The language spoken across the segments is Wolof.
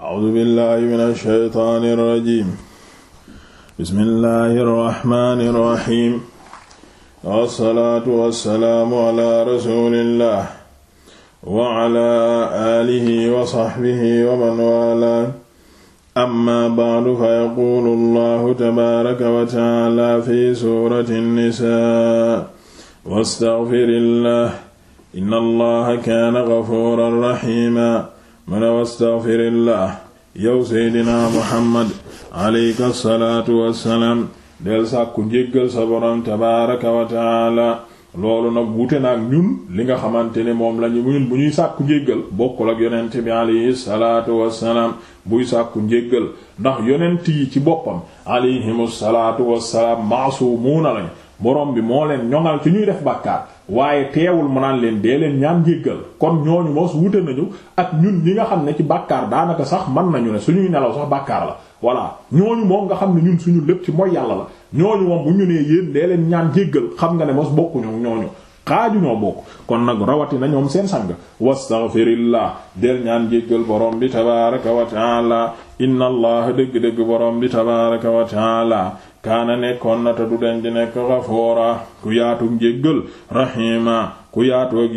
A'uuzu billaahi mina shaytaani rajiim. Bismillaahi rahmaani rahiim. Wassalaatu wassalaamu alaa rasuulillaah wa alaa aalihi wa sahbihi wa man waalaah. Ammaa ba'du fayaquulu Allaahu tabaaraka wa ta'aalaa fi suurati Nisaa: wastaghfirillaah, inna Allaaha kaana ghafuuran rahiimaa. mu ne wastaghfirillah yow seydina muhammad alayka salaatu wassalaam del sàkku njéggal sa tabaaraka wa loolu nag wuute na ak ñun li nga xamante ne moom lañu ñun bu ñuy sàkku njéggal bokkul ak yonent bi alayhi salaatu wassalaam buy sàkku njéggal ndax yonent yi ci boppam alayhimu salaatu wassalaam maasumuuna lañ borom bi moo leen ñoŋal ci ñuy def bàkkaar waaye teewul mu naan leen dee leen ñaan njéggal kon ñooñu moos wute nañu ak ñun ñi nga xam ne ci bàkkaar daanaka sax mën nañu ne suñuy nelaw sax bàkkaar la voilà ñooñu moom nga xam ne ñun suñu lépp ci mooy yàlla la ñooñu moom bu ñu nee yéen dee leen ñaan jéggal xam nga ne mos bokkuñu ñooñu xaaju ñoo bokk kon nag rawatina ñoom seen sang wastaghfirillah del ñaan jéggal borom bi tabaraka wa taala inna allah dëgg-dëgg borom bi tabaraka wa taala kaana nekkoon na du den di nekk xafoora ku yaatu jéggal rahima ku yaatu ak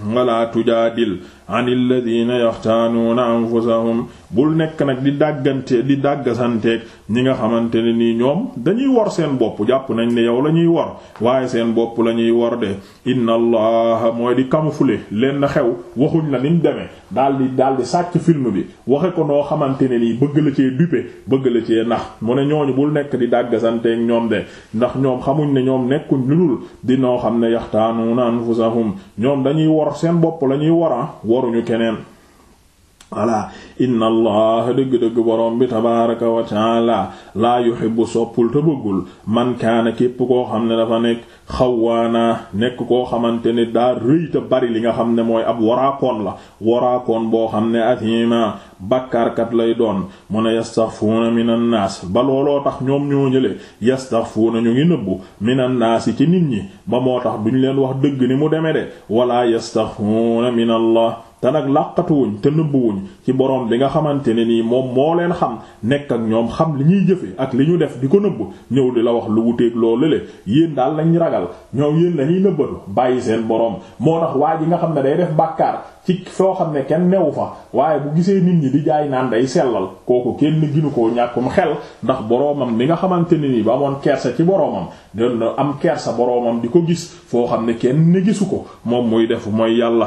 wala tujaadil an alladina yaxtaanuuna anfusahum bul nekk nag di dàggante di dàggasanteeg ñi nga xamante ne nii ñoom dañuy wor seen bopp jàpp nañ ne yow la ñuy wor waaye seen bopp la ñuy wor de inna allah mooy di camoufler leen na xew waxuñ la niñ demee daal di daal di sàcc film bi waxe ko noo xamante ne nii bëgg la cee dupe bëgg la cee nax mu ne ñooñu bul nekk di dàggasanteeg ñoom de ndax ñoom xamuñ ne ñoom nekkuñ lu dul di noo xam ne yaxtaanuuna anfusahum ñoom dañuy wor seen bopp la ñuy wora ah, woruñu keneen voilà inna allah dëgg-dëgg borom bi tabaraka wa taala laa yuhibbu soppul te bëggul man kaana képp koo xam ne dafa nekk xawaana nekk koo xamante ne daa rëy bari li nga xam ne mooy ab waraakoon la waraakoon boo xam ne athima bakkaarkat lay doon mu ne yastaxfuuna minan naas ba looloo tax ñoom ñoo ñële yastaxfuuna ñu ngi nëbbu minan naas yi ci nit ñi ba moo tax duñ leen wax dëgg ni mu deme de wala yastaxfuuna minallah te nag làqatuwuñ te nëbbuwuñ ci borom bi nga xamante ne nii moom moo leen xam nekk ñoom xam li ñuy jëfe ak li ñu def di ko nëbb ñëw di la wax lu wuteeg loolu le yéen daal lañ ragal ñoom yéen lañuy nëbbatu bàyyi seen borom moo tax waa ji nga xam ne day def bàkkaar ci foo xam ne kenn newu fa waaye bu gisee nit ñi di jaay naan ay sellal kooku kenn ginu koo ñàkkum xel ndax boroomam mi nga xamante ne nii ba amoon kersa ci boroomam doon na am kersa boroomam di ko gis foo xam ne kenn ne gisu ko moom muy def mooy yàlla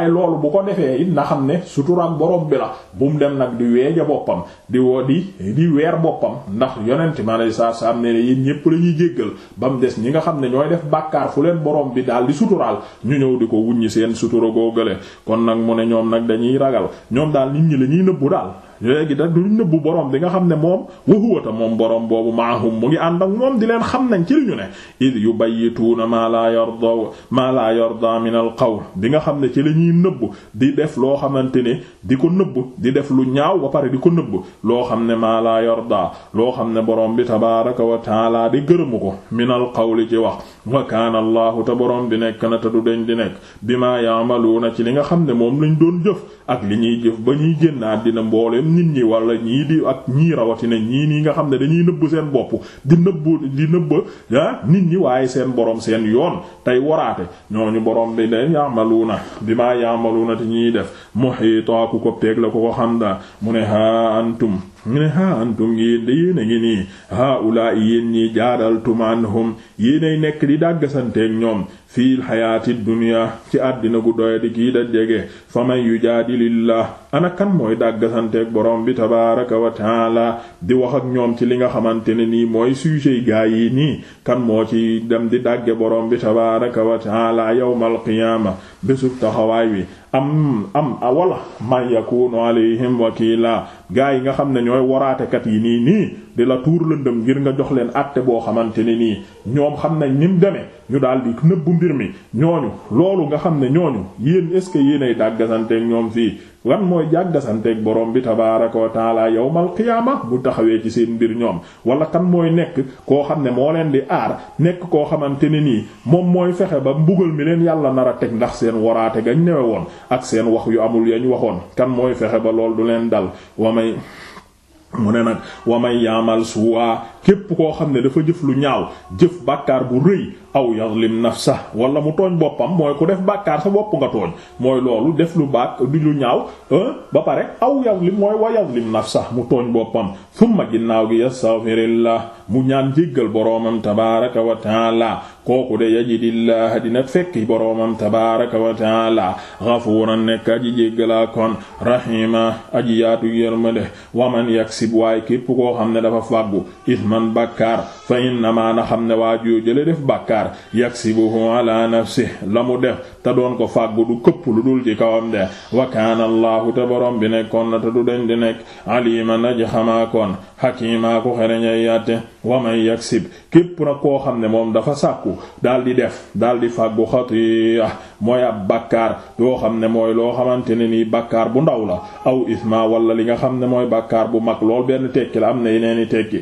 waaye loolu bu ko defee it na xam ne suturaam borom bi la bu mu dem nag di weeja boppam di woo di di weer boppam ndax yonent ma lay saa saa am ne ne ñépp la ñuy jéggal ba mu des ñi nga xam ne ñooy def bàkkaar fu leen borom bi daal di suturaal ñu ñëw di ko wuññi seen sutura googale kon nag mu ne ñoom nag dañuy ragal ñoom daal nit ñi la ñuy nëbbu daal léegi nag duñ nëbbu borom bi nga xam ne moom wa moom boroom boobu maahum mu ngi ànd ak moom di leen xam nañ ci li ñu ne id yubayyituuna maa laa yarda maa laa yarda min al qawl di nga xam ne ci li ñuy nëbbu di def loo xamante ne di ko nëbbu di def lu ñaaw ba pare di ko nëbbu loo xam ne maa laa yarda loo xam ne borom bi tabaaraka wa taala di gërëmu ko min al qawli ci wax wa kaana allahu te borom bi nekk na te du deñ di nekk bima ci li nga xam ne moom lañ doon jëf ak li ñuy jëf ba ñuy génn àddina mbooleem nit ñi walla ñii di ak ñii rawatina ñii nii nga xam ne dañuy nëbb seen bopp di nëbbu di nëbb ah nit ñi waaye seen borom seen yoon tey waraate ñooñu borom bi ne yaamaluuna bi maa yaamaluuna te ñuy def muhiita ku ko teeg la ko ko xam daa mu ne ha mu ne ha antum yéen de yéen a ngi nii haulaa i yéen ñii jaadaltum anhum yéenay nekk di dàggasanteeg ñoom fii xayaati dunya ci àddina gu doya di kii da jege fa yu yujaadilillah ana kan mooy dàggasanteeg borom bi tabaaraka wa taala di wax ak ñoom ci li nga xamante ne nii mooy sujet gaa yi nii kan moo ci dem di dàgge borom bi tabaaraka wa taala yawmal qiyaama bésub taxawaay wi am am wala man yakunu alayhim wakila gaa yi nga xam ne ñooy waraatekat yi nii nii di la tuur lëndëm ngir nga jox leen àtte boo xamante ne nii ñoom xam nañ ni mu ñu daal di nëbbu mbir mi ñooñu loolu nga xam ne ñooñu yéen est ce que yéenay dàggasanteeg ñoom fii lan mooy jàggasanteeg boroom bi tabaaraka wa taala yawmal qiyaama bu taxawee ci seen mbir ñoom wala kan mooy nekk koo xam ne moo leen di aar nekk koo xamante ne nii moom mooy fexe ba mbugal mi leen yàlla nar a teg ndax seen waraate gañ newe woon ak seen wax yu amul yañ waxoon kan mooy fexe ba lool du leen dal mu ne nag wa may yaamal suwa képp koo xam ne dafa jëf lu ñaaw jëf bàkkaar bu rëy aw yazlim sax walla mu tooñ boppam mooy ku def bàkkaar sa bopp nga tooñ mooy loolu def lu bàkk di lu ñaaw ba pare aw yazlim mooy wa yazlim sax mu tooñ boppam summa ginnaaw gi yastaghfirillah mu ñaan jéggal boroomam tabaaraka wa taala kooku de yajidillah dina fekki boroomam tabaaraka wa taala ghafuuran nekk aji jéggalaa kon rahima aji yaatu yërmande wa yaksib waaye képp koo xam ne dafa man bàkkaar fa innamaa na xam ne waa joo jële def bàkkaar yaksibuhu ala nafsi la mu def te doon ko fàggu du këpp lu dul ci kawam de wa kaana allahu te borom bi nekkoon na te du dañ di nekk aliman aji xamaakoon xakimaa ko xereñay yatte wa man yaksib képp na koo xam ne moom dafa sàkku daal di def daal di fàggu xatiya mooy ab bàkkaar yoo xam ne mooy loo xamante ne nii bàkkaar bu ndaw la aw isma wala li nga xam ne mooy bàkkaar bu mag lool benn tekki la am na yeneeni tekki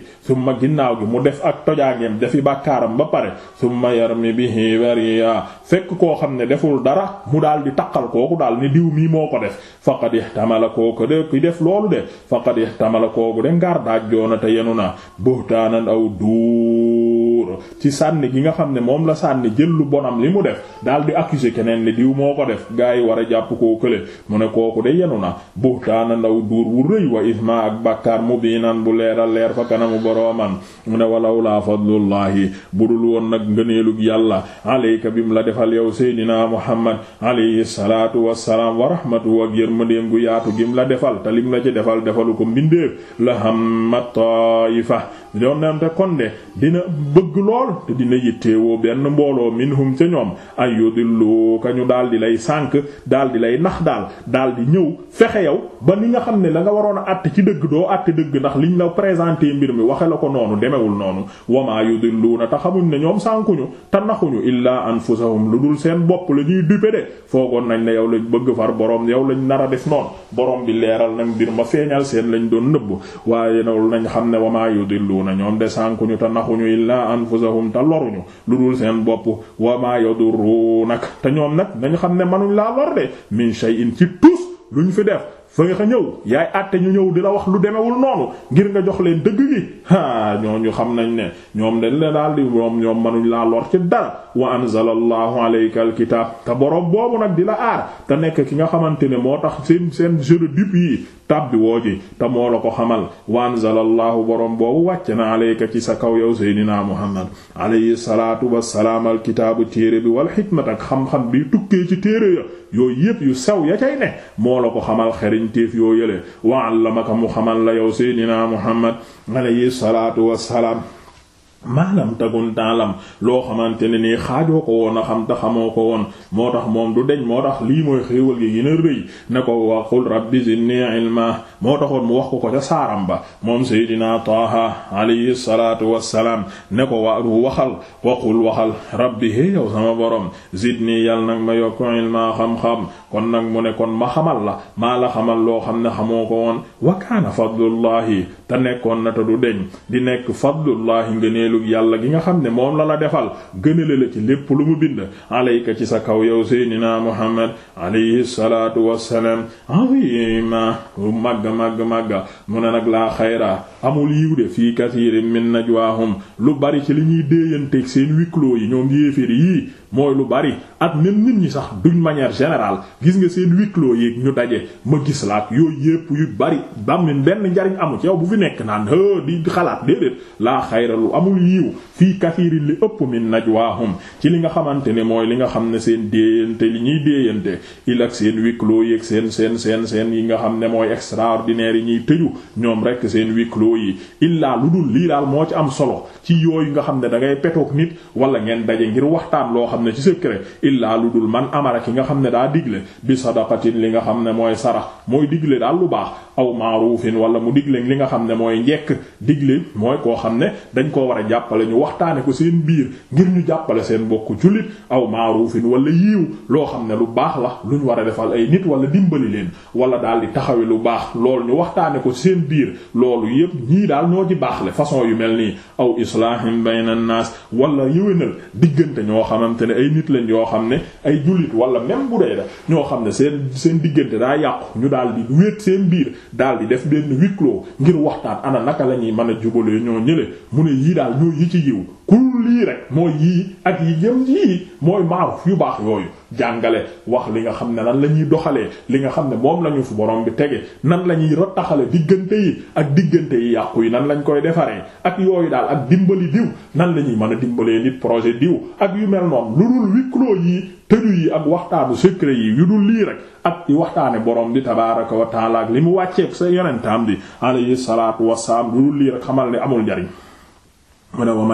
ak tojaangeem dafi bàkkaaram ba pare summa yarmi bihi bariya fekk koo xam ne deful dara mu daal di taqal kooku daal ni diw mii moo ko def yi ihtamala kooku de ki def loolu de yi ihtamala kooku de ngaar daaj joona te yenu na buhtaanan aw du ci sànni gi nga xam ne moom la sànni jël lu bonam li mu def daal di accuser keneen ne diw moo ko def gaa yi war a jàpp koo kële mu ne kooku de yenu na buxtaana ndaw duur wu rëy wa isma ak bàkkaar mu biinan bu leer a leer fa kanamu borooman mu ne walaw laa bu dul woon nag ngëneelug yàlla alayka mu la defal yow seydina muhammad alayhi salaatu wassalaam wa rahmatu wa yërmandeem gu yaatu gim la defal te lim la ci defal defalu ko mbindeef la hammat taifa doon na lool te dina yitteewoo benn mbooloo minhum ca ñoom ay yudillu ñu daal di lay sànk daal di lay nax daal daal di ñëw fexe yow ba ni nga xam ne la nga waroon a àtt ci dëgg doo àtt dëgg ndax liñ la présenté mbir mi waxe la ko noonu demewul noonu wamaa yudilluuna te xamuñ ne ñoom sànkuñu te naxuñu illaa anfusahum lu dul seen bopp la ñuy dupe de foogoon nañ ne yow lañ bëgg far boroom yow lañ nara a def noonu boroom bi leeral nañ mbir ma feeñal seen lañ doon nëbb waaye nañ xam ne anfusahum te loruñu lu dul seen bopp wa ma yadurrunak te ñoom nag nañu xam ne manuñ laa lor de min shay'in ci tus luñ fi def fa nga ñëw yaay àtte ñu ñëw di la wax lu demewul noonu ngir nga jox leen dëgg gi haa ñooñu xam nañ ne ñoom dañ la daal di ñoom ñoom mënuñ laa lor ci dara wa anzala allahu alayka alkitab te borom boobu nag di la aar te nekk ki nga xamante ne moo tax seen seen jeu de dupe yi tab bi te moo la ko xamal wa anzala allahu borom boobu wàcc na alayka ci sa kaw yow seydinaa muhammad alayhi salaatu wassalaam alkitaabu téere bi wal xikmat ak xam-xam bi tukkee ci téere yooyu yépp yu sew ya ko xamal xarañteef yoo yële wa allamaka mu xamal la yow seydinaa muhammad alayhi salaatu wassalaam maalam tagun taalam loo xamante ne nii xaajoo ko xam te xamoo ko woon moo tax moom du deñ moo tax lii mooy xéewal gi gën a rëy ne ko waxul rabbi zidni ilma moo taxoon mu wax ko ko ca saaram ba moom seydinaa taaha alayhi salaatu wassalaam ne ko wa waxal waxul waxal rabbi hé yow sama borom zidni yal nag ma yokku ilma xam-xam kon nag mu ne kon ma xamal la maa la xamal loo xam ne xamoo ko woon wa kaana fadlullahi te nekkoon na te du deñ di nekk fadlullahi ngëneelu yàlla gi nga xam ne moom la la defal gënale la ci lépp lu mu bind alayka ci sa kaw yow naa muhammad alayhi salaatu wassalaam azima magga magga magga mu ne nag laa xayra amul yiw de fii kasiirin min najwaahum lu bari ci li ñuy déeyanteeg seen wikloo yi ñoom yéeféer yii mooy lu bari at même nit ñi sax duñ manière générale gis nga seen wikloo yi ñu daje ma gis la ak yépp yu bari bam fi nekk naan di xalaat déedéet laa xayra lu amul yiw fii kathirin li ëpp min najwaahum ci li nga xamante ne mooy li nga xam ne seen déeyante li ñuy déeyante il ak seen huis clos yi ak seen seen seen seen yi nga xam ne mooy extraordinaire yi ñuy tëju ñoom rek seen huis yi illaa lu dul lii daal moo ci am solo ci yooyu nga xam ne da ngay petoog nit wala ngeen daje ngir waxtaan loo xam ne ci secret illaa lu dul man amara ki nga xam ne daa digle bi sadaqatin li nga xam ne mooy sarax mooy digle daal lu baax ne mooy njekk digle mooy koo xam ne dañ koo war a jàppale ñu waxtaane ko seen biir ngir ñu jàppale seen mbokk jullit aw maaruufin wala yiiw loo xam ne lu baax la lu ñu war a defal ay nit wala dimbali leen wala daal di taxawe lu baax lool ñu waxtaane ko seen biir loolu yépp ñii daal ñoo ci baax le façon yu mel nii aw islahim bayna nas wala yëwénal diggante ñoo xamante ne ay nit lañ yoo xam ne ay julit wala même bu dee da ñoo xam ne seen seen diggante daa yàqu ñu daal di seen biir daal di def benn huis clos waxtaan ana naka la ñuy mën a jubalee ñoo ñële mu ne yii daal ñoo yi ci yiw kul lii rek mooy yii ak yi jëm yii mooy maaru yu baax yooyu jàngale wax li nga xam ne nan la ñuy doxalee li nga xam ne moom lañu fi borom bi tege nan la ñuy rottaxale diggante yi ak diggante yi yàqu yi nan lañ koy defaree ak yooyu daal ak dimbali diw nan la ñuy mën a dimbalee nit projet diw ak yu mel noonu lu dul huis yi tëju yi ak waxtaanu secret yi yu dul lii rek ak waxtaane borom bi tabaaraka wa taala li mu wàcceeg sa yonentaam bi alayhi salaatu wassalaam lu dul lii rek xamal ne amul njariñ mu ne wa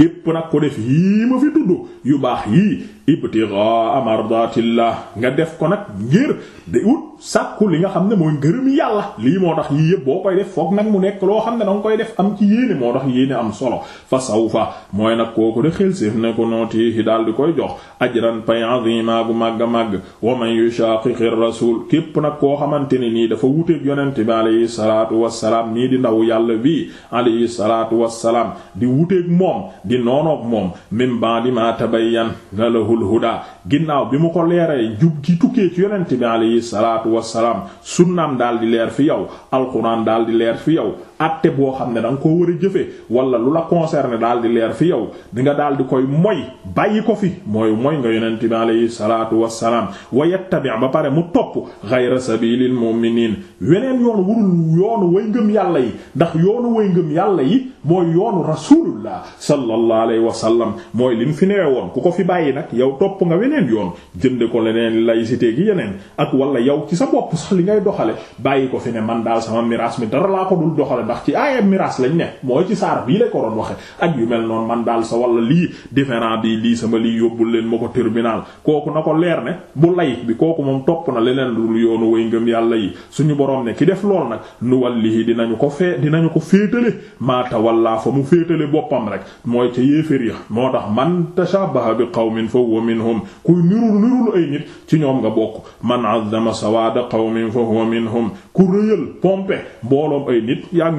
képp nag ko def yii ma fi tudd yu baax yii ibtigha mardatillah nga def ko nag ngir de ut sàkku li nga xam ne mooy ngërëmi yàlla lii moo tax yii yëpp boo koy def foog nag mu nekk loo xam ne danga koy def am ci yéene moo tax yéene am solo fa sawfa mooy nag kooku de xel séef ne ko nootihi daal di koy jox ajran pay azima bu màgg a màgg wa man yushaqiqir rasul képp nag koo xamante ne nii dafa wuteeg yonent bi alayhi salaatu wassalaam nii di ndaw yàlla bi alayhi salaatu wassalaam di wuteeg moom di noonoog moom min ba'di ma tabayyan lahul huda ginnaaw bi mu ko leeree jub gi tukkee ci yonent bi alayhi salaatu wassalaam sunnaam daal di leer fi yow alquran daal di leer fi yow atte boo xam ne da koo war a jëfee wala lu la concerné daal di leer fi yow di nga daal di koy moy bàyyi ko fi mooy moy nga yonent bi alayhi salaatu wassalaam wa yattabi' ba pare mu topp ghayra sabilil mu'minin weneen yoon wurul yoonu way ngëm yàlla yi ndax yoonu way ngëm yàlla yi mooy yoonu rasulullah sallallahu alayhi wa sallam mooy lim fi ne woon ku ko fi bàyyi nag yow topp nga weneen yoon jënd ko leneen laïcité gi yeneen ak wala yow ci sa bopp sax li ngay doxale bàyyi ko fi ne man daal sama miraas mi dara laa ko dul doxale ndax ci aaya miraas lañ ne mooy ci saar bii la ko doon waxe ak yu mel noonu man daal sa wala lii différent bi lii sama lii yóbbul leen ma ko tribunal kooku na ko leer ne bu layit bi kooku moom topp na leneen lu yoonu way ngëm yàlla yi suñu boroom ne ki def lool nag nu wallihi dinañu ko fee dinañu ko féetale maata walla fa mu féetale boppam rek mooy ca yéefér ya moo tax man tashabaha bi qawmin fa huwa minhum kuy nirul nirul ay nit ci ñoom nga bokk man azzama sawada qawmin fa huwa minhum ku rëyal pompe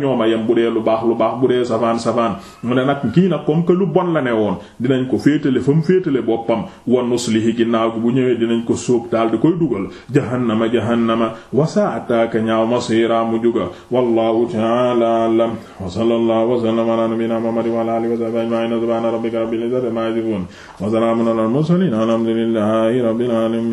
ñooma yem bu dee lu baax lu baax bu dee safaan safaan mu ne nag kii nag comme que lu bon la ne woon dinañ ko féetale fa mu féetale boppam wa nuslihi ginnaaw gi bu ñëwee dinañ ko sóob daal di koy dugal jahannama jahannama wa sa'ataka ñaaw masira mu juga wallahu ta'ala a'lam wa sallallahu wa sallama ala nabiyyina muhammadin wa ala alihi wa sahbihi ajma'in subhana wa salamun ala al mursalin alhamdulillahi rabbil alamin